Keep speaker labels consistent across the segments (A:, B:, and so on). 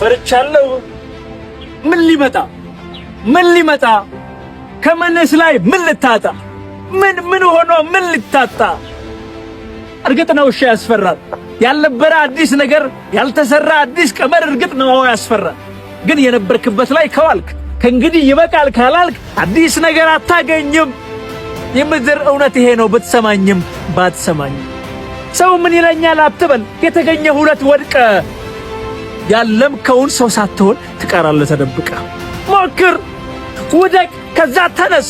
A: ፈርቻለሁ። ምን ሊመጣ ምን ሊመጣ ከምንስ ላይ ምን ልታጣ ምን ምን ሆኖ ምን ልታጣ? እርግጥ ነው እሺ፣ ያስፈራል። ያልነበረ አዲስ ነገር ያልተሰራ አዲስ ቀመር እርግጥ ነው ያስፈራል። ግን የነበርክበት ላይ ከዋልክ ከእንግዲህ ይበቃል ካላልክ አዲስ ነገር አታገኝም። የምድር እውነት ይሄ ነው፣ ብትሰማኝም ባትሰማኝም። ሰው ምን ይለኛል አትበል። የተገኘ ሁለት ወድቀ ያለምከውን ሰው ሳትሆን ትቀራለህ ተደብቀ። ሞክር፣ ውደቅ፣ ከዛ ተነስ።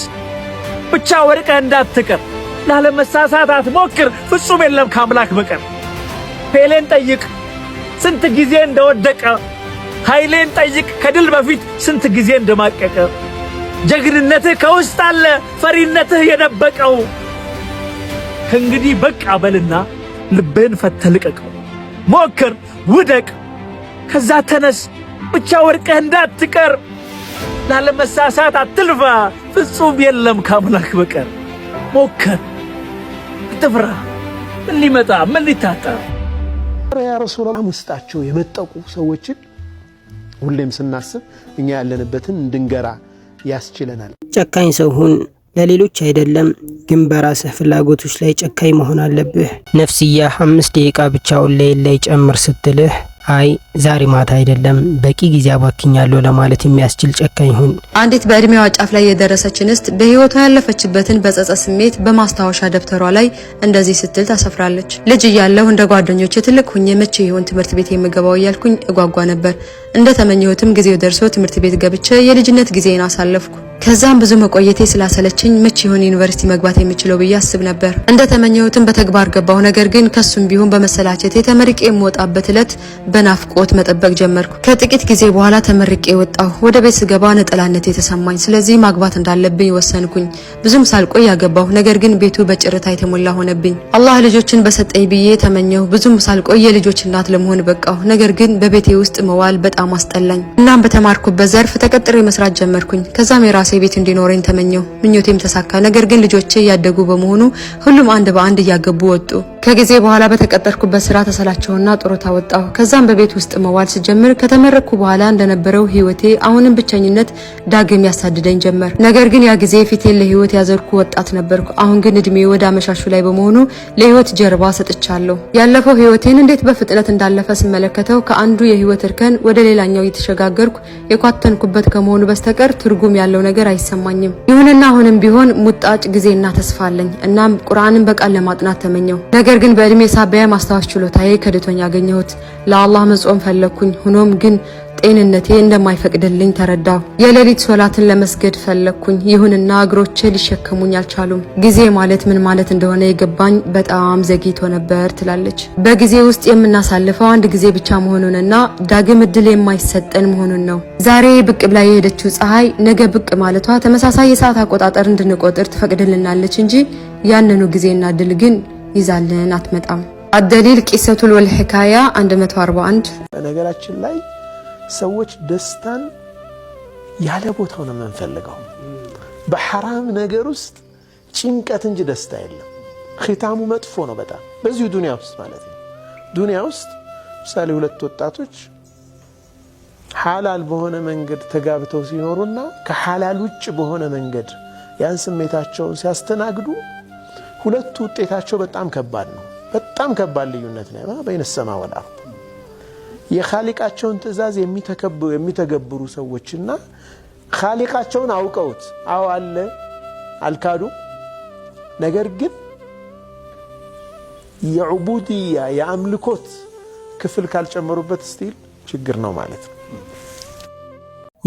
A: ብቻ ወድቀህ እንዳትቀር። ላለመሳሳት አትሞክር፣ ፍጹም የለም ከአምላክ በቀር። ፔሌን ጠይቅ፣ ስንት ጊዜ እንደወደቀ። ኃይሌን ጠይቅ፣ ከድል በፊት ስንት ጊዜ እንደማቀቀ። ጀግንነትህ ከውስጥ አለ፣ ፈሪነትህ የደበቀው። ከእንግዲህ በቃ በልና ልብህን ፈተልቀቀው። ሞክር፣ ውደቅ ከዛ ተነስ ብቻ ወድቀህ እንዳትቀር ላለመሳሳት አትልፋ፣ ፍጹም የለም ከአምላክ በቀር። ሞከር፣ አትፍራ። ምን ሊመጣ ምን ሊታጣ?
B: ያ ረሱላ ውስጣቸው የመጠቁ ሰዎችን ሁሌም ስናስብ እኛ ያለንበትን እንድንገራ ያስችለናል።
C: ጨካኝ ሰው ሁን፣ ለሌሎች አይደለም ግን በራስህ ፍላጎቶች ላይ ጨካኝ መሆን አለብህ። ነፍስያ አምስት ደቂቃ ብቻውን ላይ ላይ ጨምር ስትልህ አይ ዛሬ ማታ አይደለም በቂ ጊዜ አባክኛለሁ ለማለት የሚያስችል ጨካኝ ሁን።
D: አንዲት በእድሜዋ ጫፍ ላይ የደረሰች እንስት በህይወቷ ያለፈችበትን በጸጸት ስሜት በማስታወሻ ደብተሯ ላይ እንደዚህ ስትል ታሰፍራለች። ልጅ እያለሁ እንደ ጓደኞቼ ትልቅ ሁኜ መቼ ይሆን ትምህርት ቤት የምገባው እያልኩኝ እጓጓ ነበር። እንደ ተመኘሁትም ጊዜው ደርሶ ትምህርት ቤት ገብቼ የልጅነት ጊዜን አሳለፍኩ። ከዛም ብዙ መቆየቴ ስላሰለችኝ መቼ ይሆን ዩኒቨርሲቲ መግባት የምችለው ብዬ አስብ ነበር። እንደ ተመኘሁትም በተግባር ገባው ነገር ግን ከሱም ቢሆን በመሰላቸቴ ተመርቄ የምወጣበት እለት በናፍቆት መጠበቅ ጀመርኩ። ከጥቂት ጊዜ በኋላ ተመርቄ ወጣሁ። ወደ ቤት ስገባ ነጠላነት የተሰማኝ፣ ስለዚህ ማግባት እንዳለብኝ ወሰንኩኝ። ብዙም ሳልቆይ ያገባሁ፣ ነገር ግን ቤቱ በጭርታ የተሞላ ሆነብኝ። አላህ ልጆችን በሰጠኝ ብዬ ተመኘሁ። ብዙም ሳልቆይ የልጆች እናት ለመሆን በቃሁ። ነገር ግን በቤቴ ውስጥ መዋል በጣም አስጠላኝ። እናም በተማርኩበት ዘርፍ ተቀጥሬ መስራት ጀመርኩኝ። ከዛም የራሴ ቤት እንዲኖረኝ ተመኘሁ። ምኞቴም ተሳካ። ነገር ግን ልጆቼ እያደጉ በመሆኑ ሁሉም አንድ በአንድ እያገቡ ወጡ። ከጊዜ በኋላ በተቀጠርኩበት ስራ ተሰላቸውና ጡረታ ወጣሁ። ከዛም ብቻን በቤት ውስጥ መዋል ስጀምር ከተመረኩ በኋላ እንደነበረው ህይወቴ አሁንም ብቸኝነት ዳግም ያሳድደኝ ጀመር። ነገር ግን ያ ጊዜ ፊቴን ለህይወት ያዘርኩ ወጣት ነበርኩ። አሁን ግን እድሜ ወደ አመሻሹ ላይ በመሆኑ ለህይወት ጀርባ ሰጥቻለሁ። ያለፈው ህይወቴን እንዴት በፍጥነት እንዳለፈ ስመለከተው ከአንዱ የህይወት እርከን ወደ ሌላኛው እየተሸጋገርኩ የኳተንኩበት ከመሆኑ በስተቀር ትርጉም ያለው ነገር አይሰማኝም። ይሁንና አሁንም ቢሆን ሙጣጭ ጊዜና ተስፋ አለኝ። እናም ቁርአንን በቃል ለማጥናት ተመኘው። ነገር ግን በእድሜ ሳቢያ ማስታወስ ችሎታዬ ከድቶኝ ያገኘሁት ለአላ አላህ መጾም ፈለኩኝ። ሆኖም ግን ጤንነቴ እንደማይፈቅድልኝ ተረዳሁ። የሌሊት ሶላትን ለመስገድ ፈለኩኝ። ይሁንና እግሮቼ ሊሸከሙኝ አልቻሉም። ጊዜ ማለት ምን ማለት እንደሆነ የገባኝ በጣም ዘግይቶ ነበር ትላለች። በጊዜ ውስጥ የምናሳልፈው አንድ ጊዜ ብቻ መሆኑንና ዳግም እድል የማይሰጠን መሆኑን ነው። ዛሬ ብቅ ብላ የሄደችው ፀሐይ ነገ ብቅ ማለቷ ተመሳሳይ የሰዓት አቆጣጠር እንድንቆጥር ትፈቅድልናለች እንጂ ያንኑ ጊዜና እድል ግን ይዛልን አትመጣም። አደሊል ቂሰቱል ወል ሂካያ 141
E: በነገራችን ላይ ሰዎች ደስታን ያለ ቦታው ነው የምንፈልገው። በሐራም ነገር ውስጥ ጭንቀት እንጂ ደስታ የለም። ኺታሙ መጥፎ ነው በጣም በዚሁ ዱንያ ውስጥ ማለት ነው። ዱንያ ውስጥ ምሳሌ ሁለት ወጣቶች ሐላል በሆነ መንገድ ተጋብተው ሲኖሩና ከሐላል ውጭ በሆነ መንገድ ያን ስሜታቸውን ሲያስተናግዱ ሁለቱ ውጤታቸው በጣም ከባድ ነው። በጣም ከባድ ልዩነት ነው። በይነ ሰማ ወላ የካሊቃቸውን ትእዛዝ የሚተገብሩ ሰዎችና ካሊቃቸውን አውቀውት አዎ አለ አልካዱ። ነገር ግን የዑቡድያ የአምልኮት ክፍል ካልጨመሩበት ስቲል ችግር ነው ማለት ነው።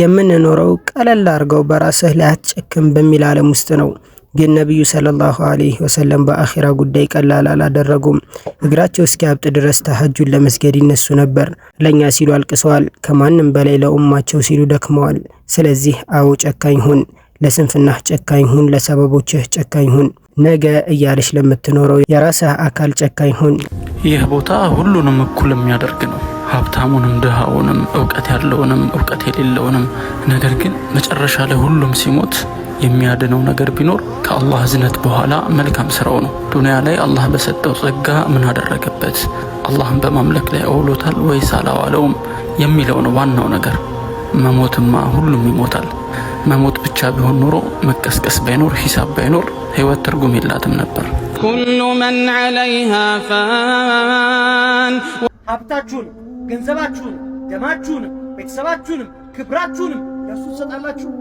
C: የምንኖረው ቀለል አድርገው በራስህ ላይ አትጨክም በሚል ዓለም ውስጥ ነው። ግን ነቢዩ ሰለላሁ አለይህ ወሰለም በአኺራ ጉዳይ ቀላል አላደረጉም። እግራቸው እስኪ ሀብጥ ድረስ ተሐጁን ለመስገድ ይነሱ ነበር። ለእኛ ሲሉ አልቅሰዋል። ከማንም በላይ ለኡማቸው ሲሉ ደክመዋል። ስለዚህ አዎ ጨካኝ ሁን፣ ለስንፍናህ ጨካኝ ሁን፣ ለሰበቦችህ ጨካኝ ሁን፣ ነገ እያለች ለምትኖረው የራስህ አካል ጨካኝ ሁን።
F: ይህ ቦታ ሁሉንም እኩል የሚያደርግ ነው። ሀብታሙንም ድሃውንም፣ እውቀት ያለውንም እውቀት የሌለውንም። ነገር ግን መጨረሻ ላይ ሁሉም ሲሞት የሚያድነው ነገር ቢኖር ከአላህ እዝነት በኋላ መልካም ስራው ነው። ዱንያ ላይ አላህ በሰጠው ጸጋ ምን አደረገበት? አላህን በማምለክ ላይ አውሎታል ወይስ አላዋለውም የሚለው ነው ዋናው ነገር። መሞትማ ሁሉም ይሞታል። መሞት ብቻ ቢሆን ኖሮ መቀስቀስ ባይኖር ሂሳብ ባይኖር ህይወት ትርጉም የላትም ነበር።
G: ኩሉ መን ዐለይሃ ፋን።
H: ሀብታችሁን፣ ገንዘባችሁን፣ ደማችሁንም፣ ቤተሰባችሁንም ክብራችሁንም ለሱ ትሰጣላችሁ።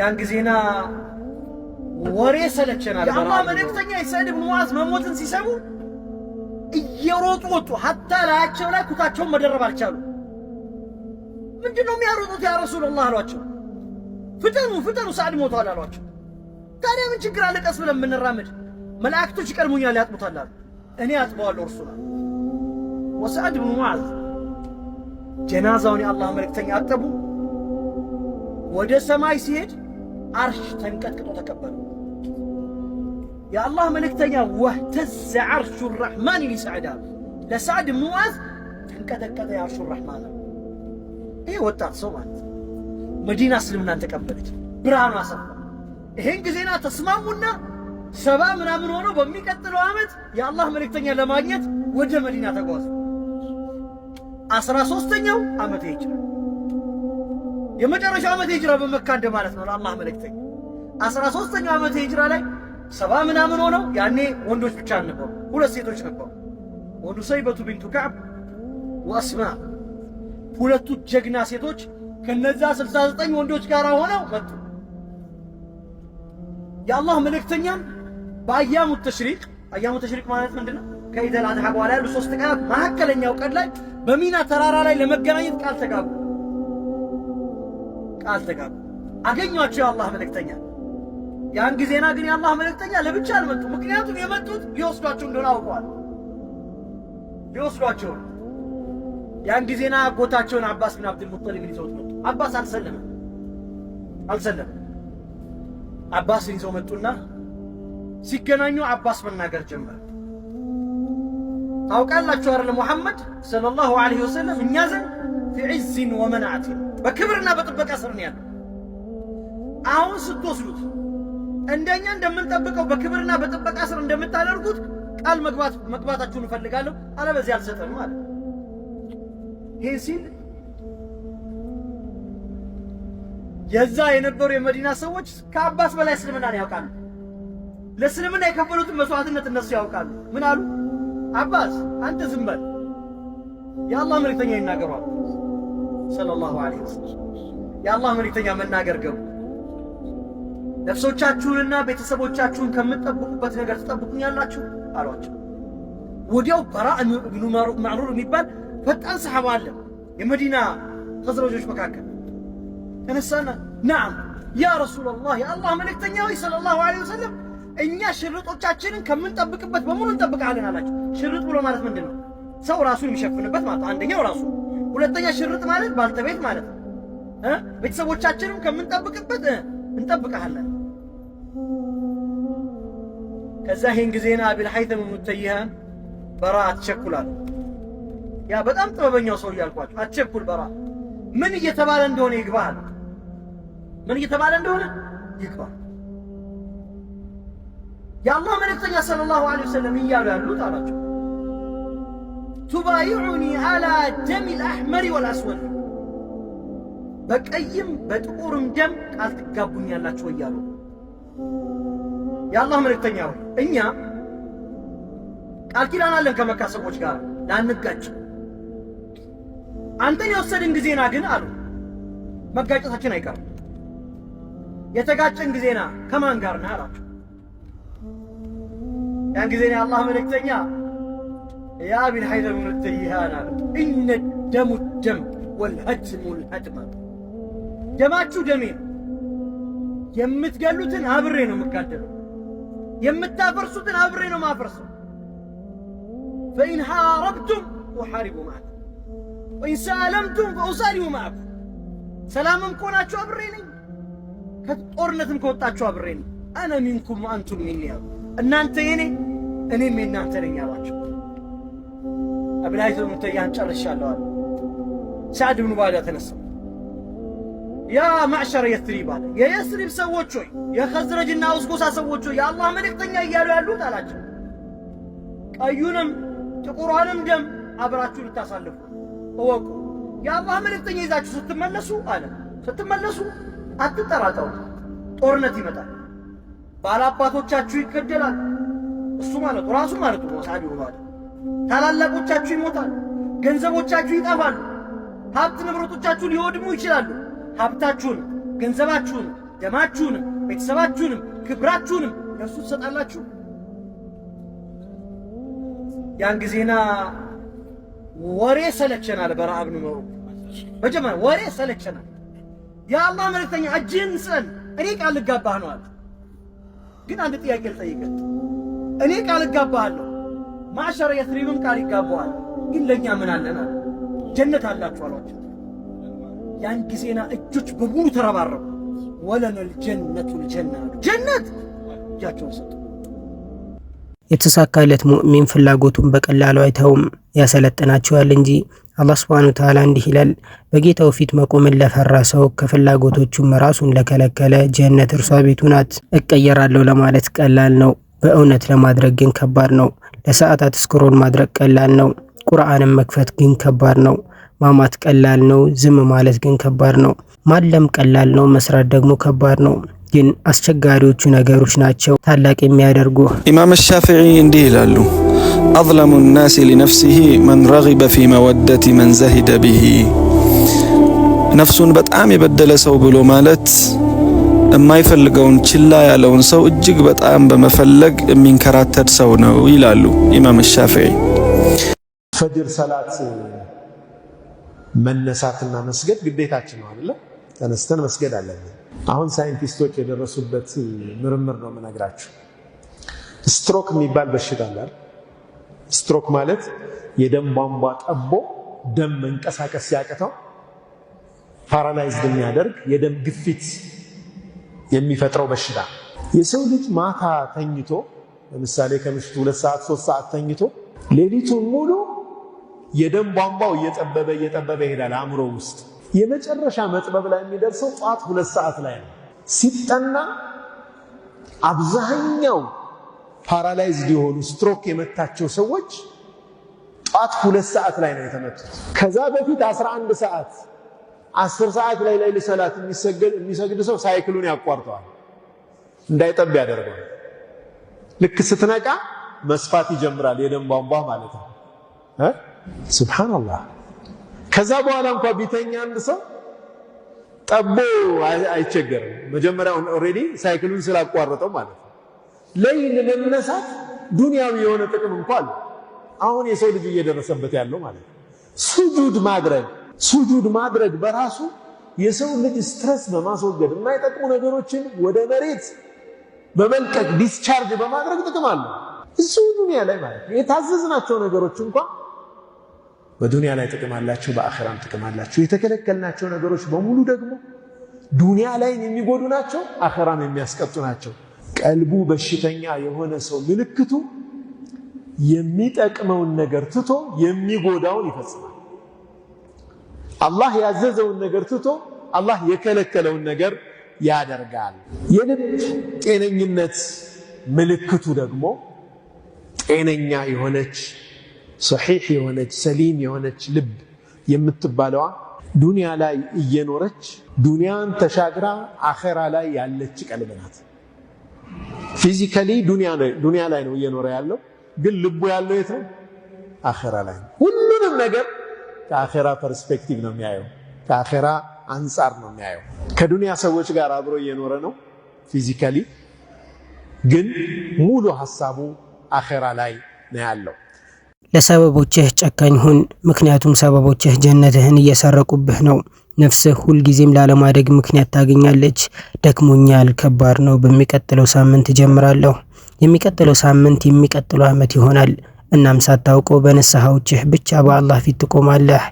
H: ያን ጊዜና ወሬ ሰለቸናል። ያማ መልእክተኛ የሰዕድ ብኑ ሙዓዝ መሞትን ሲሰሙ እየሮጡ ወጡ። ሀታ ላያቸው ላይ ኩታቸውን መደረብ አልቻሉ። ምንድን ነው የሚያሮጡት ያ ረሱልላህ አሏቸው። ፍጠኑ ፍጠኑ፣ ሰዕድ ሞቷል አሏቸው። ታዲያ ምን ችግር አለ ቀስ ብለን የምንራመድ? መላእክቶች ይቀድሙኛል ያጥቡታል አሉ። እኔ አጥበዋለሁ እርሱ ነው። ወሰዕድ ብኑ ሙዓዝ ጀናዛውን የአላህ መልእክተኛ አጠቡ። ወደ ሰማይ ሲሄድ አርሽ ተንቀጥቅጦ ተቀበሉ። የአላህ መልእክተኛ ወህተዘ አርሹ ራሕማን ይል ሰዕዳሉ። ለሳዕድ ሙዋዝ ተንቀጠቀጠ የአርሹ ራሕማን። ይሄ ወጣት ሰው ማለት መዲና እስልምናን ተቀበለች፣ ብርሃኑ አሰፋ። ይህን ጊዜና ተስማሙና ሰባ ምናምን ሆኖ በሚቀጥለው ዓመት የአላህ መልእክተኛ ለማግኘት ወደ መዲና ተጓዘ። አስራ ሦስተኛው ዓመት ይችላል የመጨረሻው ዓመት ሂጅራ በመካ እንደ ማለት ነው። ለአላህ መልእክተኛ አስራ ሦስተኛው ዓመት ሂጅራ ላይ ሰባ ምናምን ሆነው ያኔ ወንዶች ብቻ አልነበሩ፣ ሁለት ሴቶች ነበሩ። ወኑሰይበቱ ቢንቱ ከዕብ ወአስማ ሁለቱ ጀግና ሴቶች ከነዛ 69 ወንዶች ጋር ሆነው መጡ። የአላህ መልእክተኛም በአያሙ ተሽሪቅ አያሙ ተሽሪቅ ማለት ምንድነው? ከኢደል አድሃ በኋላ ያሉ ሶስት ቀናት መካከለኛው ቀን ላይ በሚና ተራራ ላይ ለመገናኘት ቃል ተጋቡ። ቃል ተጋቡ። አገኟቸው የአላህ መልእክተኛ። ያን ጊዜና ግን የአላህ መልእክተኛ ለብቻ አልመጡ። ምክንያቱም የመጡት ሊወስዷቸው እንደሆነ አውቀዋል። ሊወስዷቸው ያን ጊዜና አጎታቸውን አባስ ብን አብድል ሙጠሊብን ይዘውት መጡ። አባስ አልሰለመ አልሰለመ አባስን ይዘው መጡና ሲገናኙ አባስ መናገር ጀመር። ታውቃላችሁ አይደል ሙሐመድ ሰለላሁ ዐለይሂ ወሰለም እኛ ዘንድ ቢዕዝን ወመናዕትን በክብርና በጥበቃ ስር ነው ያለው። አሁን ስትወስዱት እንደኛ እንደምንጠብቀው በክብርና በጥበቃ ስር እንደምታደርጉት ቃል መግባት መግባታችሁን እፈልጋለሁ፣ አለበዚያ አልሰጠም አለ። ይህ ሲል የዛ የነበሩ የመዲና ሰዎች ከአባስ በላይ እስልምናን ያውቃሉ። ለእስልምና የከፈሉትን መስዋዕትነት እነሱ ያውቃሉ። ምን አሉ? አባስ አንተ ዝም በል፣ የአላህ መልእክተኛ ይናገሯል። ሰለላሁ ዐለይሂ ወሰለም የአላህ መልእክተኛ መናገር ገቡ። ነፍሶቻችሁንና ቤተሰቦቻችሁን ከምትጠብቁበት ነገር ትጠብቁኛላችሁ አሏቸው። ወዲያው በራ እብኑ ማዕሩር የሚባል ፈጣን ሰሓባ አለ፣ የመዲና ተዘረጆች መካከል ተነሳና፣ ናዓም ያ ረሱላላህ የአላህ መልእክተኛ ሆይ ሰለላሁ ዐለይሂ ወሰለም እኛ ሽርጦቻችንን ከምንጠብቅበት በሙሉ እንጠብቃለን አላቸው። ሽርጥ ብሎ ማለት ምንድን ነው? ሰው ራሱን የሚሸፍንበት ማለት አንደኛው ራሱ ሁለተኛ ሽርጥ ማለት ባልተቤት ማለት ነው። ቤተሰቦቻችንም ከምንጠብቅበት እንጠብቀሃለን። ከዛ ይህን ጊዜና አቢል ሀይተም ሙተይሃ በራ አትቸኩላል። ያ በጣም ጥበበኛው ሰው እያልኳቸው አትቸኩል። በራ ምን እየተባለ እንደሆነ ይግባል። ምን እየተባለ እንደሆነ ይግባል። የአላህ መልእክተኛ ሰለላሁ ዐለይሂ ወሰለም እያሉ ያሉት አላቸው ቱባይዑኒ አላ ደሚል አሕመሪ ወልአስወድ በቀይም በጥቁርም ደም ቃል ትጋቡኛላችሁ እያሉ የአላህ መልእክተኛ ሆይ እኛ ቃል ኪዳን አለን ከመካ ሰዎች ጋር ላንጋጭ። አንተን የወሰድን ጊዜና ግን አሉ መጋጨታችን አይቀርም። የተጋጨን ጊዜና ከማን ጋር ነህ አላቸው። ያን ጊዜና የአላህ መልእክተኛ ያ ቢልሀይለ ብኑ ትሪሃና ኢነ ደሙ ደም ወልሀትሙ ልሀትማ፣ ደማችሁ ደሜ ነው። የምትገሉትን አብሬ ነው የምጋደለው፣ የምታፈርሱትን አብሬ ነው ማፈርሰው። ፈኢን ሐረብቱም ኡሓሪቡ ማዕኩም ወኢን ሳለምቱም ፈኡሳሊሙ ማዕኩም። ሰላምም ከሆናችሁ አብሬ ነኝ፣ ከጦርነትም ከወጣችሁ አብሬ ነኝ። አነ ሚንኩም አንቱም ሚኒ እናንተ የኔ እኔም የናንተ ነኝ አሏቸው። አብላይቱ ሙተያን ጨርሻለሁ አለ። ሳዕድ ብኑ ባዳ ተነሳ። ያ ማዕሸር የስሪብ አለ። የየስሪብ ሰዎች ሆይ፣ የኸዝረጅና አውስ ሰዎች ሆይ የአላህ መልእክተኛ እያሉ ያሉት አላቸው፣ ቀዩንም ጥቁሯንም ደም አብራችሁ ልታሳልፉ እወቁ። የአላህ መልእክተኛ ይዛችሁ ስትመለሱ አለ ስትመለሱ አትጠራጠሩ፣ ጦርነት ይመጣል፣ ባላባቶቻችሁ ይገደላል። እሱ ማለቱ ራሱ ማለቱ ነው ሳዕድ ብኑ ባዳ ታላላቆቻችሁ ይሞታሉ፣ ገንዘቦቻችሁ ይጠፋሉ፣ ሀብት ንብረቶቻችሁ ሊወድሙ ይችላሉ። ሀብታችሁን፣ ገንዘባችሁን፣ ደማችሁንም፣ ቤተሰባችሁንም፣ ክብራችሁንም ለእርሱ ትሰጣላችሁ። ያን ጊዜና ወሬ ሰለቸናል። በረሃብ ንኖሩ መጀመሪያ ወሬ ሰለቸናል። የአላህ መልእክተኛ እጅህን ስጠን፣ እኔ ቃል ልጋባህ ነው አለ። ግን አንድ ጥያቄ ልጠይቅህ፣ እኔ ቃል ልጋባሃለሁ ማሸረ የስሪብም ቃል ይጋባዋል። ግን ለእኛ ምን አለና ጀነት አላችሁ አሏቸው። ያን ጊዜና እጆች በሙሉ ተረባረቡ። ወለነል ጀነቱ ልጀና ጀነት እጃቸውን ሰጡ።
C: የተሳካለት ሙእሚን ፍላጎቱን በቀላሉ አይተውም፣ ያሰለጥናቸዋል እንጂ አላህ ስብሐነሁ ተዓላ እንዲህ ይላል፣ በጌታው ፊት መቆምን ለፈራ ሰው ከፍላጎቶቹም ራሱን ለከለከለ ጀነት እርሷ ቤቱ ናት። እቀየራለሁ ለማለት ቀላል ነው፣ በእውነት ለማድረግ ግን ከባድ ነው። ለሰዓታት ስክሮል ማድረግ ቀላል ነው። ቁርአንን መክፈት ግን ከባድ ነው። ማማት ቀላል ነው። ዝም ማለት ግን ከባድ ነው። ማለም ቀላል ነው። መስራት ደግሞ ከባድ ነው። ግን አስቸጋሪዎቹ ነገሮች ናቸው ታላቅ የሚያደርጉ።
I: ኢማም ሻፊዒ እንዲህ ይላሉ፣ አዝለሙ ናሲ ሊነፍሲሂ መን ረግበ ፊ መወደቲ መን ዘሂደ ብሂ። ነፍሱን በጣም የበደለ ሰው ብሎ ማለት የማይፈልገውን ችላ ያለውን ሰው እጅግ በጣም በመፈለግ የሚንከራተት ሰው ነው ይላሉ ኢማም ሻፊዒ።
E: ፈጅር ሰላት መነሳትና መስገድ ግዴታችን ነው አይደለ? ተነስተን መስገድ አለብን። አሁን ሳይንቲስቶች የደረሱበት ምርምር ነው የምነግራችሁ። ስትሮክ የሚባል በሽታ አለ። ስትሮክ ማለት የደም ቧንቧ ጠቦ ደም መንቀሳቀስ ሲያቅተው ፓራላይዝድ የሚያደርግ የደም ግፊት የሚፈጥረው በሽታ የሰው ልጅ ማታ ተኝቶ ለምሳሌ ከምሽቱ ሁለት ሰዓት ሶስት ሰዓት ተኝቶ ሌሊቱን ሙሉ የደም ቧንቧው እየጠበበ እየጠበበ ይሄዳል አእምሮ ውስጥ የመጨረሻ መጥበብ ላይ የሚደርሰው ጠዋት ሁለት ሰዓት ላይ ነው። ሲጠና አብዛኛው ፓራላይዝድ የሆኑ ስትሮክ የመታቸው ሰዎች ጠዋት ሁለት ሰዓት ላይ ነው የተመቱት።
H: ከዛ በፊት 11 ሰዓት አስር ሰዓት ላይ ለይሊ ሰላት የሚሰግድ ሰው ሳይክሉን ያቋርጠዋል፣ እንዳይጠብ ያደርገዋል። ልክ ስትነቃ መስፋት ይጀምራል፣ የደም ቧንቧ ማለት ነው። ሱብሃንአላህ። ከዛ በኋላ እንኳ ቢተኛ አንድ ሰው ጠቦ አይቸገርም። መጀመሪያውን ኦልሬዲ ሳይክሉን ስላቋረጠው ማለት ነው። ለይል መነሳት ዱንያዊ የሆነ ጥቅም እንኳ አለ። አሁን የሰው ልጅ እየደረሰበት ያለው ማለት ነው። ሱጁድ ማድረግ ሱጁድ ማድረግ በራሱ የሰው ልጅ ስትረስ በማስወገድ የማይጠቅሙ ነገሮችን ወደ መሬት በመልቀቅ ዲስቻርጅ በማድረግ ጥቅም አለ። እዚሁ ዱንያ ላይ ማለት ነው። የታዘዝናቸው ነገሮች እንኳን በዱንያ ላይ ጥቅም አላቸው፣ በአኸራም ጥቅም አላቸው። የተከለከልናቸው ነገሮች በሙሉ ደግሞ ዱንያ ላይ የሚጎዱ ናቸው፣ አኸራም የሚያስቀጡ ናቸው። ቀልቡ በሽተኛ የሆነ ሰው ምልክቱ የሚጠቅመውን ነገር ትቶ የሚጎዳውን ይፈጽማል። አላህ ያዘዘውን ነገር ትቶ አላህ የከለከለውን ነገር ያደርጋል። የልብ ጤነኝነት ምልክቱ ደግሞ ጤነኛ የሆነች ሰሒሕ የሆነች ሰሊም የሆነች ልብ የምትባለዋ ዱንያ ላይ እየኖረች ዱንያን ተሻግራ አኸራ ላይ ያለች ቀልብ ናት። ፊዚካሊ ዱንያ ላይ ነው እየኖረ ያለው፣ ግን ልቡ ያለው የት ነው? አኸራ ላይ ነው። ሁሉንም ነገር ከአኼራ ፐርስፔክቲቭ ነው የሚያየው፣ ከአኼራ አንጻር ነው የሚያየው። ከዱንያ ሰዎች ጋር አብሮ እየኖረ ነው ፊዚካሊ፣ ግን ሙሉ ሀሳቡ አኼራ ላይ ነው ያለው።
C: ለሰበቦችህ ጨካኝ ሁን፣ ምክንያቱም ሰበቦችህ ጀነትህን እየሰረቁብህ ነው። ነፍስህ ሁልጊዜም ላለማደግ ምክንያት ታገኛለች። ደክሞኛል፣ ከባድ ነው፣ በሚቀጥለው ሳምንት እጀምራለሁ። የሚቀጥለው ሳምንት የሚቀጥለው ዓመት ይሆናል። እናም ሳታውቀው በንስሐዎችህ ብቻ በአላህ ፊት ትቆማለህ።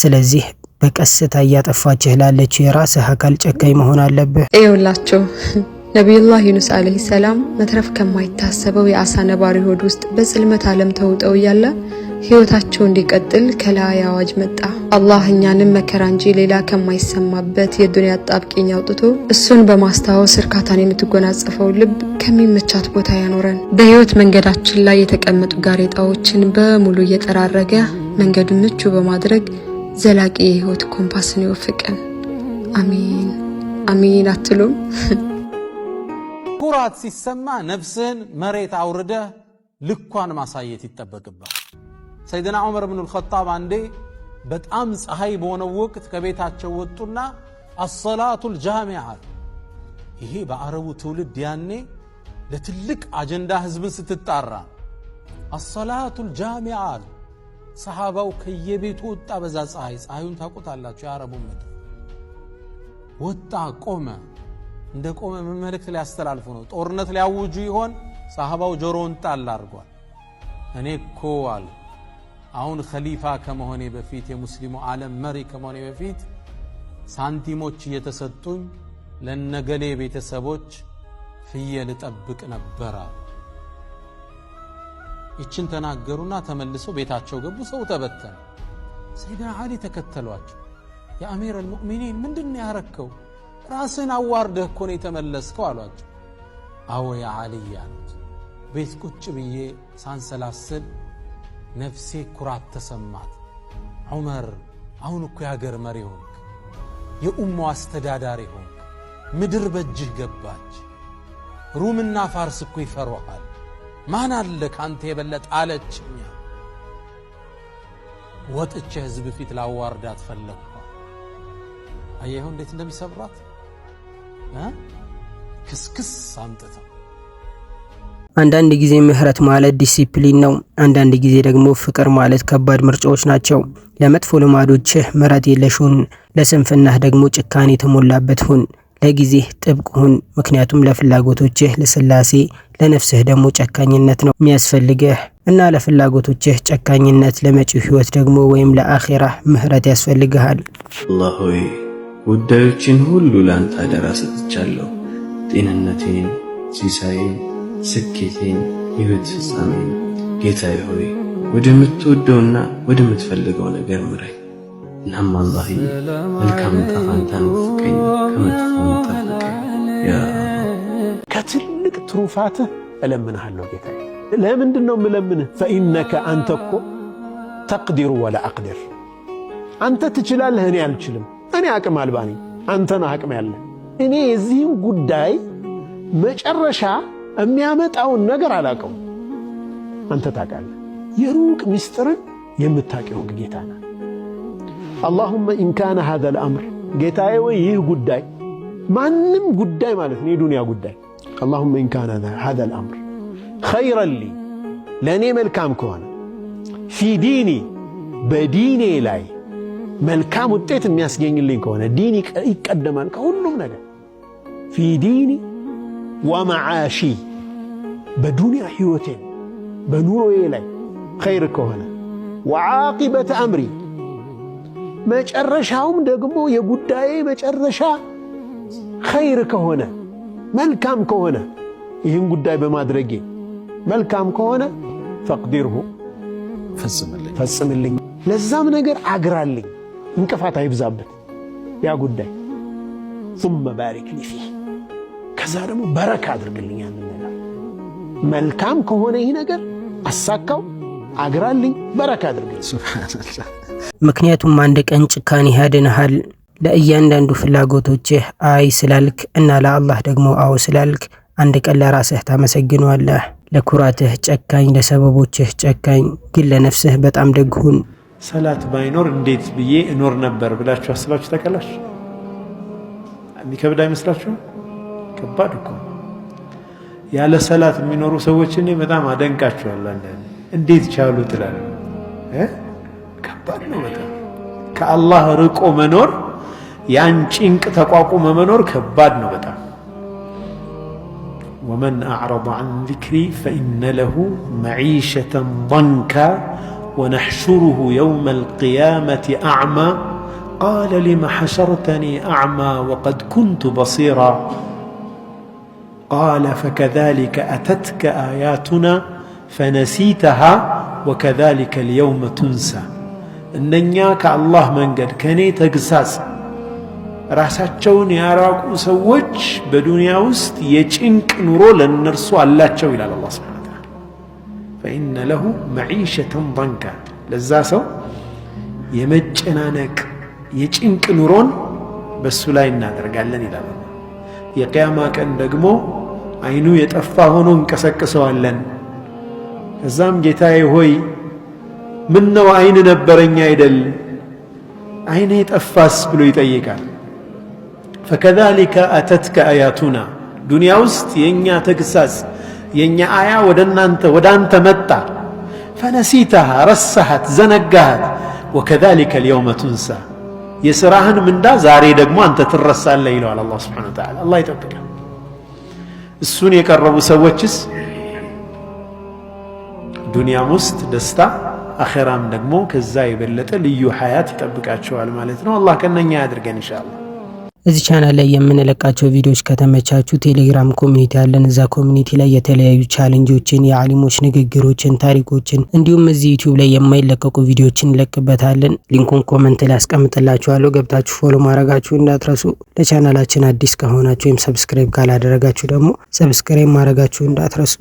C: ስለዚህ በቀስታ እያጠፋችህ ላለችው የራስህ አካል ጨካኝ መሆን አለብህ።
D: ይኸውላችሁ ነቢዩላህ ዩኑስ አለይሂ ሰላም መትረፍ ከማይታሰበው የአሳ ነባሪ ሆድ ውስጥ በጽልመት ዓለም ተውጠው እያለ ህይወታቸው እንዲቀጥል ከላይ አዋጅ መጣ። አላህ እኛንም መከራ እንጂ ሌላ ከማይሰማበት የዱንያ አጣብቂኝ አውጥቶ እሱን በማስታወስ እርካታን የምትጎናጸፈው ልብ ከሚመቻት ቦታ ያኖረን። በህይወት መንገዳችን ላይ የተቀመጡ ጋሬጣዎችን በሙሉ እየጠራረገ መንገዱን ምቹ በማድረግ ዘላቂ የህይወት ኮምፓስን ይወፍቀን። አሚን አሚን አትሉም?
H: ኩራት ሲሰማ ነፍስህን መሬት አውርደህ ልኳን ማሳየት ይጠበቅባል። ሰይድና ዑመር ብኑ ልኸጣብ አንዴ በጣም ፀሐይ በሆነው ወቅት ከቤታቸው ወጡና አሰላቱ ልጃሚ አሉ። ይሄ በአረቡ ትውልድ ያኔ ለትልቅ አጀንዳ ህዝብን ስትጣራ አሰላቱ ልጃሚ አሉ። ሰሓባው ከየቤቱ ወጣ። በዛ ፀሐይ ፀሐዩን ታቁታላቸው የአረቡ ምድር ወጣ፣ ቆመ። እንደ ቆመ ምን መልእክት ሊያስተላልፉ ነው? ጦርነት ሊያውጁ ይሆን? ሰሓባው ጆሮውን ጣል አድርጓል። እኔ እኮ አሉ አሁን ኸሊፋ ከመሆኔ በፊት የሙስሊሙ ዓለም መሪ ከመሆኔ በፊት ሳንቲሞች እየተሰጡኝ ለነገሌ ቤተሰቦች ፍየል እጠብቅ ነበረ። ይችን ተናገሩና ተመልሰው ቤታቸው ገቡ። ሰው ተበተነ። ሰይድና ዓሊ ተከተሏቸው። የአሚር አልሙእሚኒን ምንድን ያረከው? ራስን አዋርደህ እኮ ነው የተመለስከው አሏቸው። አዎ ያ አሉት። ቤት ቁጭ ብዬ ሳንሰላስል ነፍሴ ኩራት ተሰማት። ዑመር አሁን እኮ የሀገር መሪ ሆንክ፣ የኡማው አስተዳዳሪ ሆንክ፣ ምድር በእጅህ ገባች። ሩምና ፋርስ እኮ ይፈሩሃል። ማን አለ ካንተ የበለጠ አለችኛ። ወጥቼ ሕዝብ ፊት ላዋርዳት ፈለግኳ። አየኸው እንዴት እንደሚሰብራት ክስክስ አምጥተው
C: አንዳንድ ጊዜ ምህረት ማለት ዲሲፕሊን ነው። አንዳንድ ጊዜ ደግሞ ፍቅር ማለት ከባድ ምርጫዎች ናቸው። ለመጥፎ ልማዶችህ ምህረት የለሽ ሁን። ለስንፍናህ ደግሞ ጭካኔ የተሞላበት ሁን። ለጊዜህ ጥብቅ ሁን፣ ምክንያቱም ለፍላጎቶችህ ልስላሴ፣ ለነፍስህ ደግሞ ጨካኝነት ነው የሚያስፈልግህ እና ለፍላጎቶችህ ጨካኝነት፣ ለመጪው ህይወት ደግሞ ወይም ለአኼራ ምህረት ያስፈልግሃል።
I: አላህ ሆይ ጉዳዮችን ሁሉ ለአንተ አደራ ሰጥቻለሁ፣ ጤንነቴን፣ ሲሳይን ስኬቴን፣ የህይወት ፍጻሜን ጌታዬ ሆይ ወደምትወደውና ወደምትፈልገው ነገር ምራይ። እናም አላህ መልካም ጣፋንታን ፍቀኝ፣ ከመጥፎ ጠብቀኝ። ያ
H: ከትልቅ ትሩፋትህ እለምንሃለሁ ጌታዬ። ለምንድን ነው የምለምንህ? ፈኢነከ አንተ እኮ ተቅዲሩ ወላ አቅድር አንተ ትችላለህ፣ እኔ አልችልም። እኔ አቅም አልባ ነኝ፣ አንተ ነህ አቅም ያለህ። እኔ የዚህን ጉዳይ መጨረሻ የሚያመጣውን ነገር አላውቀውም። አንተ ታውቃለህ። የሩቅ ምስጢርን የምታውቀው ጌታ ና አላሁመ ኢንካነ ሃዛ ልአምር ጌታዬ ወይ ይህ ጉዳይ ማንም ጉዳይ ማለት ነው የዱንያ ጉዳይ አላሁመ ኢንካነ ሃዛ ልአምር ኸይረን ሊ ለእኔ መልካም ከሆነ ፊ ዲኒ በዲኔ ላይ መልካም ውጤት የሚያስገኝልኝ ከሆነ ዲን ይቀደማል ከሁሉም ነገር ፊ ዲኒ ወመዓሺ በዱንያ ሕይወቴን በኑሮዬ ላይ ኸይር ከሆነ ወዓቂበት አምሪ መጨረሻውም ደግሞ የጉዳዬ መጨረሻ ኸይር ከሆነ መልካም ከሆነ ይህን ጉዳይ በማድረጌ መልካም ከሆነ ፈቅዲርሁ ፈጽምልኝ፣ ለዛም ነገር አግራልኝ፣ እንቅፋት አይብዛበት ያ ጉዳይ ሱመ ባሪክ ሊ ፊህ ከዛ ደግሞ በረካ አድርግልኝ ያንን ነገር መልካም ከሆነ ይህ ነገር አሳካው አግራልኝ በረካ አድርግልኝ።
C: ምክንያቱም አንድ ቀን ጭካኔ ያድንሃል። ለእያንዳንዱ ፍላጎቶችህ አይ ስላልክ እና ለአላህ ደግሞ አዎ ስላልክ አንድ ቀን ለራስህ ታመሰግነዋለህ። ለኩራትህ ጨካኝ፣ ለሰበቦችህ ጨካኝ፣ ግን ለነፍስህ በጣም ደግ ሁን።
H: ሰላት ባይኖር እንዴት ብዬ እኖር ነበር ብላችሁ አስባችሁ ታውቃላችሁ? የሚከብድ አይመስላችሁም? ከባድ እኮ ያለ ሰላት የሚኖሩ ሰዎች እኔ በጣም አደንቃቸዋለሁ። አንዳንዴ እንዴት ቻሉ ትላል። ከባድ ነው በጣም ከአላህ ርቆ መኖር፣ ያን ጭንቅ ተቋቁሞ መኖር ከባድ ነው በጣም ወመን አዕረض ዐን ዚክሪ ፈኢነ ለሁ መዒሸተን ضንካ ወነሕሹሩሁ የውመ አልቅያመቲ አዕማ ቃለ ሊመ ሐሸርተኒ አዕማ ወቀድ ኩንቱ በሲራ ቃለ ፈከዛሊከ አተትከ አያቱና ፈነሲተሃ ወከዛሊከ ልየውመ ቱንሳ። እነኛ ከአላህ መንገድ ከእኔ ተግሳጽ ራሳቸውን ያራቁ ሰዎች በዱንያ ውስጥ የጭንቅ ኑሮ ለእነርሱ አላቸው ይላል አላህ ሱብሓነሁ ወተዓላ። ፈኢነ ለሁ መዒሸተን ضንካ ለዛ ሰው የመጨናነቅ የጭንቅ ኑሮን በእሱ ላይ እናደርጋለን ይላል። የቅያማ ቀን ደግሞ አይኑ የጠፋ ሆኖ እንቀሰቅሰዋለን። ከዛም ጌታዬ ሆይ ምን ነው አይን ነበረኝ አይደል አይኔ ጠፋስ ብሎ ይጠይቃል። ፈከዛሊከ አተትከ አያቱና ዱንያ ውስጥ የእኛ ተግሳጽ የእኛ አያ ወደ እናንተ ወደ አንተ መጣ። ፈነሲተሃ ረሳሃት፣ ዘነጋሃት። ወከዛሊከ ልየውመ ቱንሳ የሥራህን ምንዳ ዛሬ ደግሞ አንተ ትረሳለህ ይለዋል አላህ ሱብሓነሁ ወተዓላ። አላህ ይጠብቃል። እሱን የቀረቡ ሰዎችስ ዱንያም ውስጥ ደስታ አኼራም ደግሞ ከዛ የበለጠ ልዩ ሀያት ይጠብቃቸዋል ማለት ነው። አላህ ከነኛ ያድርገን ኢንሻአላህ። እዚህ ቻናል ላይ የምንለቃቸው ቪዲዮዎች ከተመቻችሁ ቴሌግራም ኮሚኒቲ አለን። እዛ ኮሚኒቲ ላይ የተለያዩ ቻለንጆችን፣ የአሊሞች ንግግሮችን፣ ታሪኮችን እንዲሁም እዚህ ዩቲዩብ ላይ የማይለቀቁ ቪዲዮዎችን እንለቅበታለን። ሊንኩን ኮመንት ላይ አስቀምጥላችኋለሁ። ገብታችሁ ፎሎ ማድረጋችሁ እንዳትረሱ። ለቻናላችን አዲስ ከሆናችሁ ወይም ሰብስክራይብ ካላደረጋችሁ ደግሞ ሰብስክራይብ ማድረጋችሁ እንዳትረሱ።